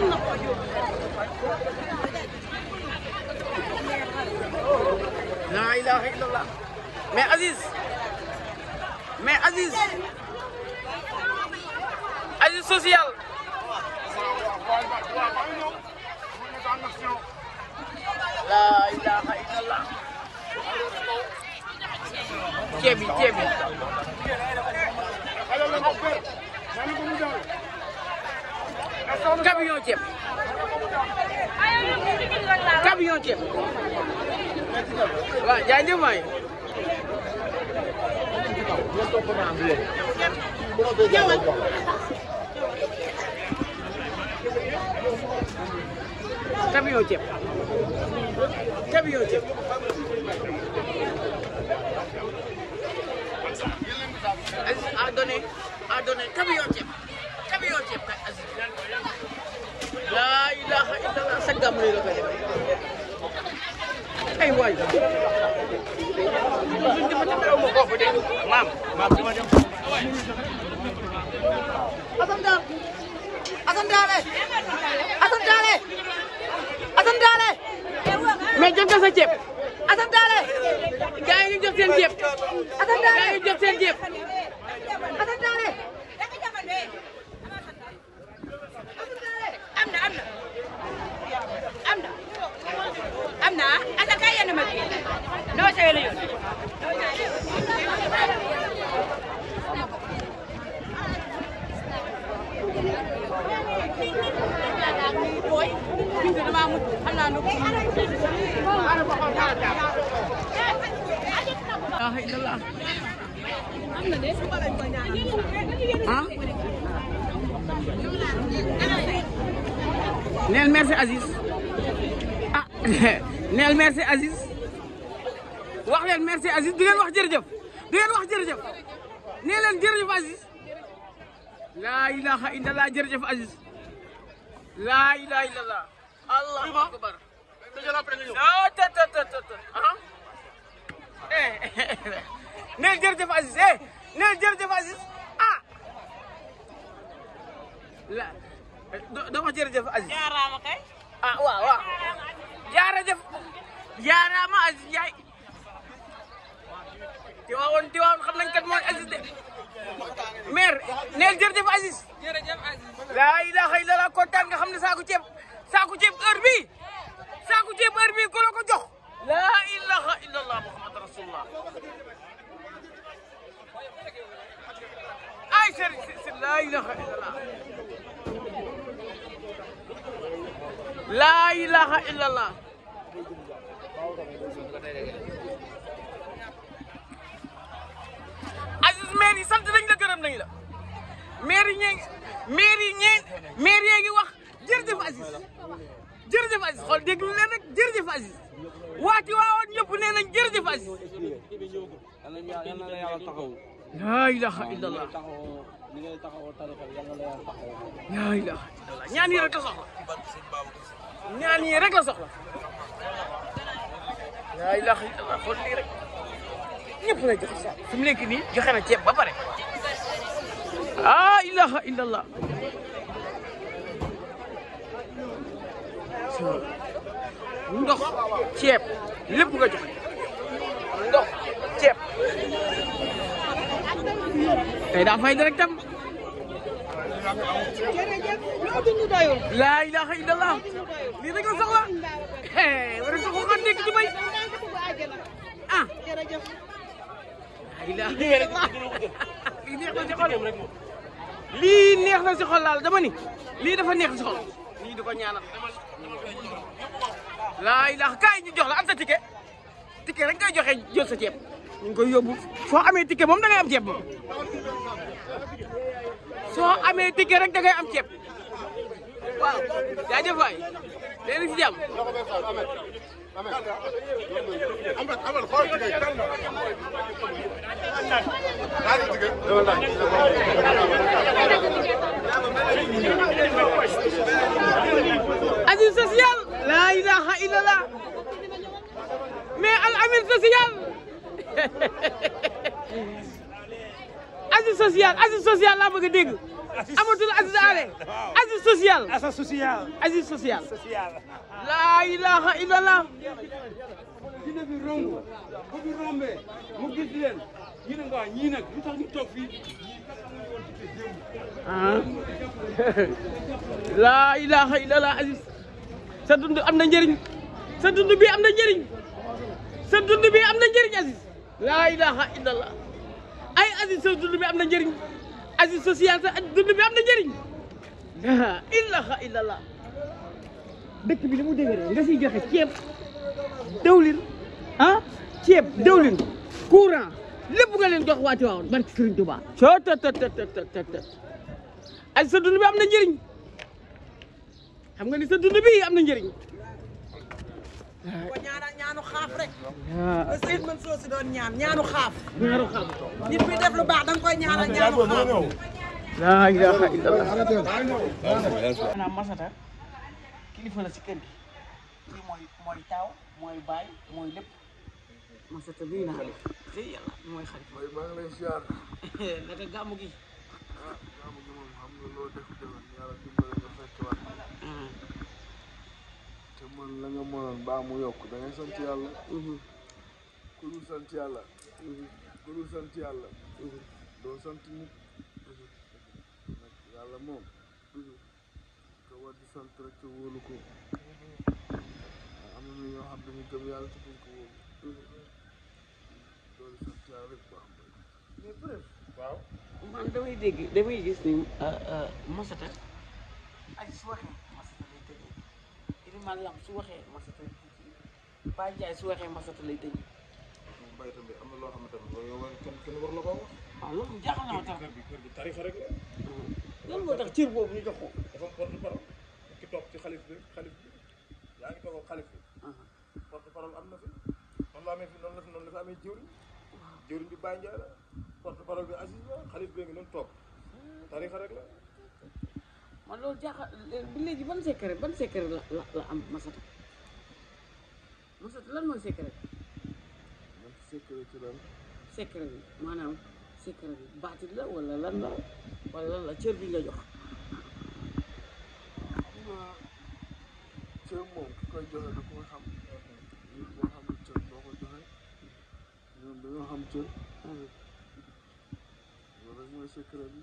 mën na koo yóbbu. laa ilaaha illallah mais Aziz social. laa ilaaha illallah. ceeb bi ceeb bi. camion ceeb camion ceeb waaw jaajëf waay camion ceeb camion ceeb Aziz La ilaha illallah sagam ni kata. Hey why? Hindi mo tayo mo ko pwede. Ma'am, ma'am di mo jam. Asan dal? Asan dal? Eh? Asan dal? Eh? Asan dal? Eh? Mais jëm nga sa ceeb. Asan dal? Gaay ñu jëm seen ceeb. Asan dal? Gaay ñu jëm seen ceeb. ها نيل ميرسي عزيز نيل ميرسي عزيز wax leen merci Aziz di leen wax jërëjëf di leen wax jërëjëf nee leen jërëjëf Aziz laa ilaha illallah jërëjëf Aziz laa ilaha illallah allahu akbar neel jërëjëf Aziz eh neel jërëjëf Aziz la dama jërëjëf Aziz. jaaraama kay. ah waaw waaw jaarajëf jaaraama Aziz Ndiaye. Tiwaawoon Tiwaawoon xam nañ kat mooy Aziz de maire neel jërëjëf Aziz. jërëjëf Aziz. laa ilaaha illallaah kontaan nga xam ne saako ceeb saako ceeb heure bii saako ceeb heure bii ku la ko jox. laa ilaaha illallaah Muhammad rasulullah. ay sëriñ si laa ilaaha illallaah. laa ilaha illallah Aziz maire yi sant nañ la gërëm nañ la maire yi ñee maire yi ñee maire yee ngi wax jërëjëf Aziz jërëjëf Aziz xool dégg lu leen rek jërëjëf Aziz waati waawoon ñëpp nee nañ jërëjëf Aziz laa ah, ilaha illallah li ngay taxawoo tarixa bi yàlla la yàlla taxawoo. laa ilaha illallah ñaan yi rek la soxla. ñaan yi rek la soxla. laa ilaha illallah xool lii rek ñëpp lay joxe sax fi mu nekk nii joxe na ceeb ba pare. laa ilaha illallah. ndox ceeb lépp nga joxe ndox ceeb. لا فايدة لك تم لا إله إلا الله لذلك صلى ورسول خان ديك دبي آه لا neex na si xol lii dama ni lii dafa neex si xol lii di ko ñaanal laa ilaha kaay ñu jox la am sa ticket ticket rek ngay joxe jël sa ceeb ñu ngi koy yóbbu foo amee ticket moom da ngay am ceeb soo amee ticket rek da ngay am ceeb waaw jaajëf waay léegi si jàmm. asile social. laa ilaaha illallah mais al amin social. assise laa bëgg a dégg. amatul assise ale assise sociale. assise sociale assise sociale. laa ilaha illallah. dina ah. Aziz sa am na njëriñ sa dund am na njëriñ sa dund am na njëriñ Aziz laa ilaha illallah. ay asile sa dund bi am na njëriñ asile social sa dund bi am na njëriñ laa ilaha illallah dëkk bi li mu dëgëree nga siy joxe ceeb dawlin ah ceeb dawlin courant lépp nga leen jox waa Tiwaawan barki Sëriñ Tuubaa coo tot tot tot tot asile sa dund bi am na njëriñ xam nga ni sa dund bi am na njëriñ ko ñaanal ñaanu xaaf rek da sëñ mën soo si doon ñaan ñaanu xaaf ñaanu xaaf nit buy def lu baax da koy ñaanal ñaanu xaaf laa ilaaha illallah maanaam masata kilifa si kër gi kii mooy mooy taaw mooy baay mooy lépp masata bii naa def tey yàlla mooy xarit maa ngi lay siyaar naka gàmmu gi ah gàmmu gi moom xam nga loo def defoon yàlla dimbali nga fekk waat hmm. te mën la nga mënoon baa mu yokk da ngay sant yàlla mm-hmm. ku dul sant yàlla mm-hmm. ku dul sant yàlla mm-hmm. doo sant nit nag yàlla moom ka war di sant rek te wóolu ko am na ñoo xam ne ñu gëm yàlla te duñ ko wóolu loolu sant yàlla rek boo xam mais preuve waaw man damay dégg damay gis ni mosata ay su waxee bi Mariam su waxee masata Baye Ndiaye su waxee masata lay tëj. Baye tam bi am na loo xam ne tamit yow kenn kenn war la ko wax. waaw loolu na ma tam. kër gi kër gi la. Hmm. lan moo tax cër boobu ñu jox ko. dafa porte parole ki toog ci xalif bi xalif yaa ngi toog ak xalif bi. porte parole am na fi noonu la amee fi noonu la fi noonu la fi amee jëwriñ jëwriñ bi Baye Ndiaye la porte parole bi Aziz la xalif bi ngi noonu toog hmm. tarixa rek la. man loolu jaaxal bi eh, léegi ban secret ban secret la la la am Masata Masata lan mooy secret. man secret ci bi maanaam secret bi baatit la wala lan la la cër bi nga jox. cër moom ki koy joxe da koo xam. ñun cër boo mooy secret bi.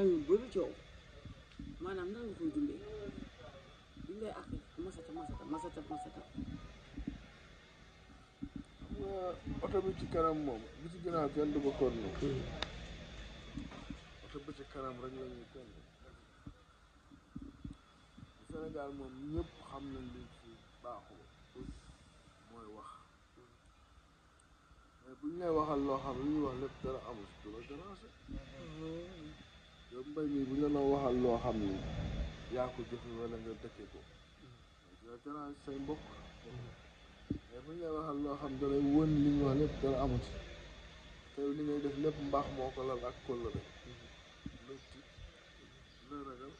famille boobu coow maanaam nan nga koy dundee li ngay àq masata masata masata masata oto bi ci kanam moom bi ci ginnaaw kenn du ko kon noonu oto bi ci kanam rek la ñuy kon Sénégal moom ñëpp xam nañ li ci baaxul mooy wax mais bu ñu lay waxal loo xam li wax lépp dara du la déranger mm-hmm. yow mbay mi bu ñu waxal loo xam ni yaa ko jëfe wala nga dëkke ko dina dérange say mbokk mais bu ñu waxal loo xam dalay wën li ñu wax lépp dara amu ci te li ngay def lépp mbaax moo ko lal ak kóllëre looy tiit looy ragal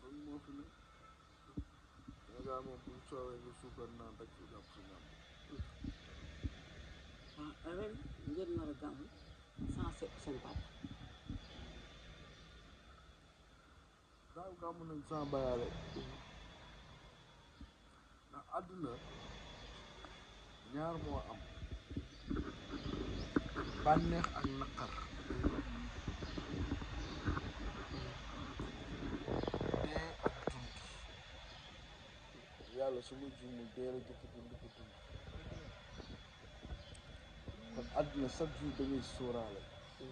kon moo fi ne Sénégal moom bu ñu nga suukar naan rek ah, ngeen nar a gàmm sans seen papa saa ko amoon nañ sans bayaale ndax àdduna ñaar moo am bànneex ak naqar yàlla su ma juumul dee la jëkk dund ko dund kon àdduna chaque jour da ngay sóoraale da lu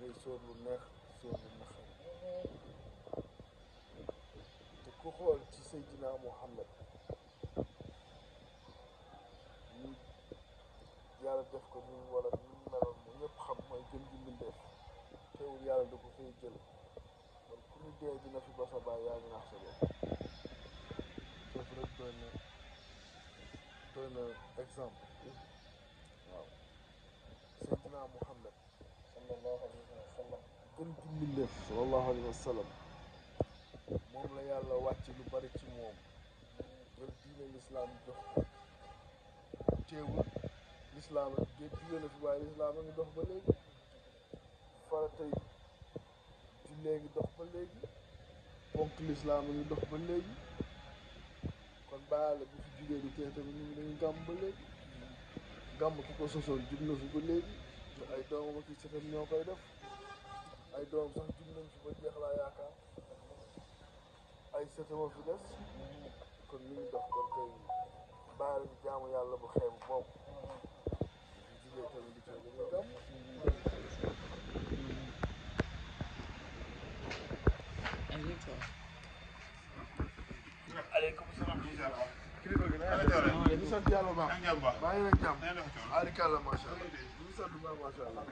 neex sóor ku xool ci Seydina Muhammad ñu yàlla def ko ni wala ni meloon mu ñëpp xam mooy gën gi mbindeef teewul yàlla da ko fay jël kon ku ñu dee dina fi ba sa baay yaa ngi naax sa bopp foofu rek doy na doy na exemple waaw Seydina Muhammad sallallahu alayhi wa sallam gën ci moom la yàlla wàcc lu bari ci moom ba diine lislaam jox ko teewul lislaam ak diine la fi waaye lislaam a ngi dox ba léegi faratay jullee ngi dox a ngi dox ba léegi kon bàyyi la bu fi jugee du tee ñu ngi dañu gàmm ba léegi gàmm ku ko sosoon jug fi ba léegi ay doomam ak i sëtam ñoo koy def ay doom sax jug nañ fi ba jeex laa yaakaar ay sëtama fi des kon li ñu dox kon tey bàyyi lañu jaamu yàlla bu xeeb boobu di jigéen tamit di coow li ñu dox aleykum salaam ñu sant yàlla bu baax bàyyi leen jàmm alikaala macha allah ñu sant bu baax macha allah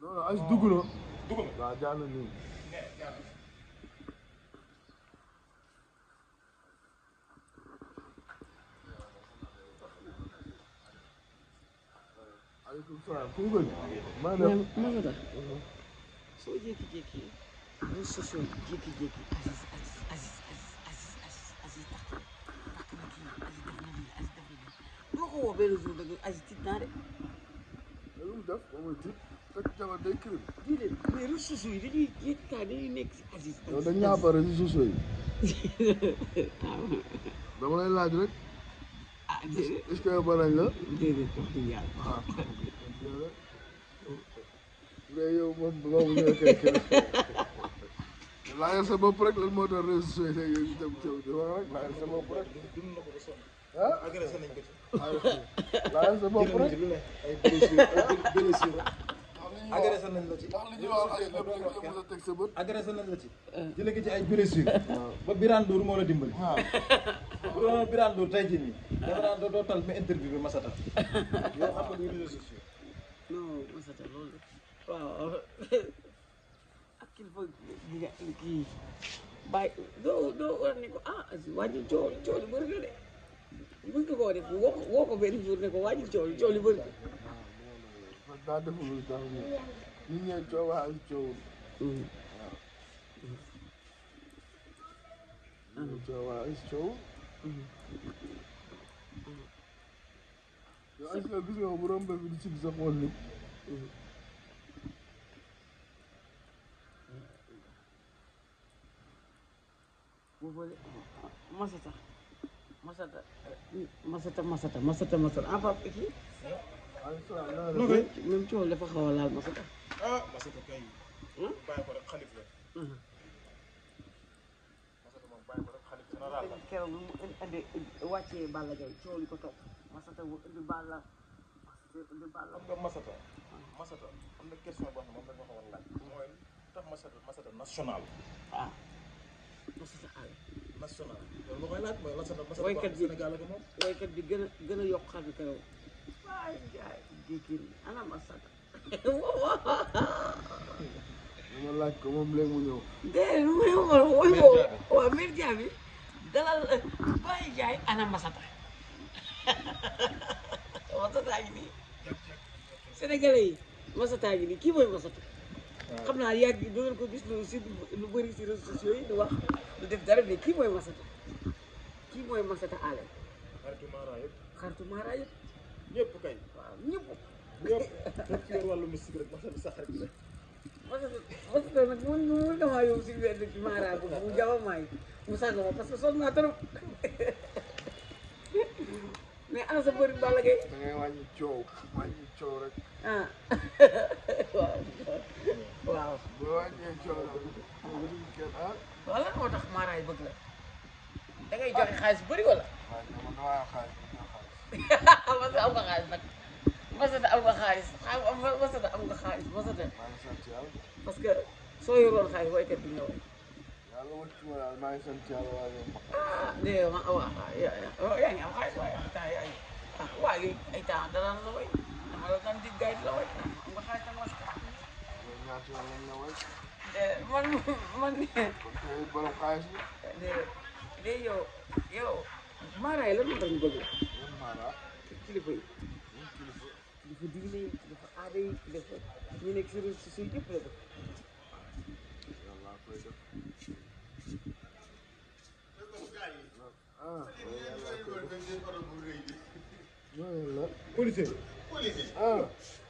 non as dugg na. dugg na waaw jàll nii. aleykum salaam. maa ngi lay. maa ngi lay. soo jékki-jékki. réseaux sociaux yi jékki-jékki Aziz Aziz Aziz Aziz Aziz Aziz dàq dàq na kii Aziz def na lii Aziz def na lii bu ma ko woo benn jour dëgg Aziz tiit naa de. lu mu def ba muy tiit fekk jabar day kër. déedéet mais réseaux sociaux yi dañuy jékki kaa dañuy nekk si Aziz. yow dañ ñaa ba réseaux sociaux yi. dama lay laaj rek. ah déedéet est-ce que ba nañ la. déedéet wax dëgg yàlla. waaw ah, déedéet. mais yow moom boobu ñoo koy kër. laajal sa bopp rek lan moo tax réseaux sociaux yi yooyu dem coow di wax rek laajal sa bopp rek. ah agressé nañ ko ci. laajal sa bopp rek ay blessure agressé nañ la ci. ndax li ñu wax ay lépp li nga mën a teg sa bët. agressé nañ la ci. jëlee ko ci ay blessure. ba Birane Ndour moo la dimbali. waaw bu doon Birane Ndour tey jii nii. dafa daan doo tal mais interview bi Masata. yow xam nga réseaux sociaux. non Masata loolu waaw. kilifa gi nga kii bàyyi doo doo war ne ko ah wàññi coow coow li bëri na de mën nga koo def ko woo ko benn jour ne ko wàññi coow li coow li bëri na. daa def Masata. Masata. Masata Masata Masata Masata en papa kii. même coow dafa xaw a laal Masata. ah Masata kay. bàyyi ko rek xalif la. Masata moom bàyyi ko rek xalif général la. keroog mu indi wàccee Balla Gaye coow li ko topp Masata wu indi Balla indi Balla. xam nga Masata. Masata am na question boo xam ne moom la ñu ko war a laaj. mooy tax Masata Masata national. ah. ba si sa àll. national loolu ma koy laaj mooy national national waykat ana masata. ma laaj ko moom léegi dalal bàyyi jaay ana masata masata gi nii sénégalais yi masata gi nii kii mooy masata. xam naa yàgg yi ngeen ko gis loolu si lu bëri si réseaux sociaux yi di wax du def dara mais kii mooy Massata kii mooy Massata Allé. xaritu Mara yëpp. xaritu Mara yëpp. ñëpp kay. waaw ñëpp. ñëpp ñëpp ci wàllu mystique rek Massata sa xarit rek. Massata Massata nag man man damaa yow si benn ci Mara boobu mu jaww maay mu sànni ma parce que sonn naa trop mais ana sa bëri Balla Gaye. da ngay wàññi coow wàññi coow rek. ah waaw. voilà moo tax maaraay bëgg la da ngay joxe xaalis bëri wala. waaw man damaa am xaalis masata am nga xaalis nag masata am nga xaalis masata am nga xaalis masata. maa ngi sant yàlla. parce que soo yoroon xaalis woykat bi ñëw. yàlla ah, wut ci wala maa ngi sant yàlla waa yow. ah nee ma waaw yaa ngi am xaalis waaye am temps yaa ngi ah waa lii ay temps danaan la woy dama la daan di gay la woy am nga xaalis dama la. ñaata yoon lañ la woy. man man. borom xaalis bi. léegi yow yow. Mara yi lan moo tax ñu bëgg la. Mara. kilifa yi. kilifa kilifa diine yi kilifa aada yi kilifa ñu nekk si réseaux sociaux yëpp la def. yàlla koy def. ah. yàlla koy def. policier. policier ah.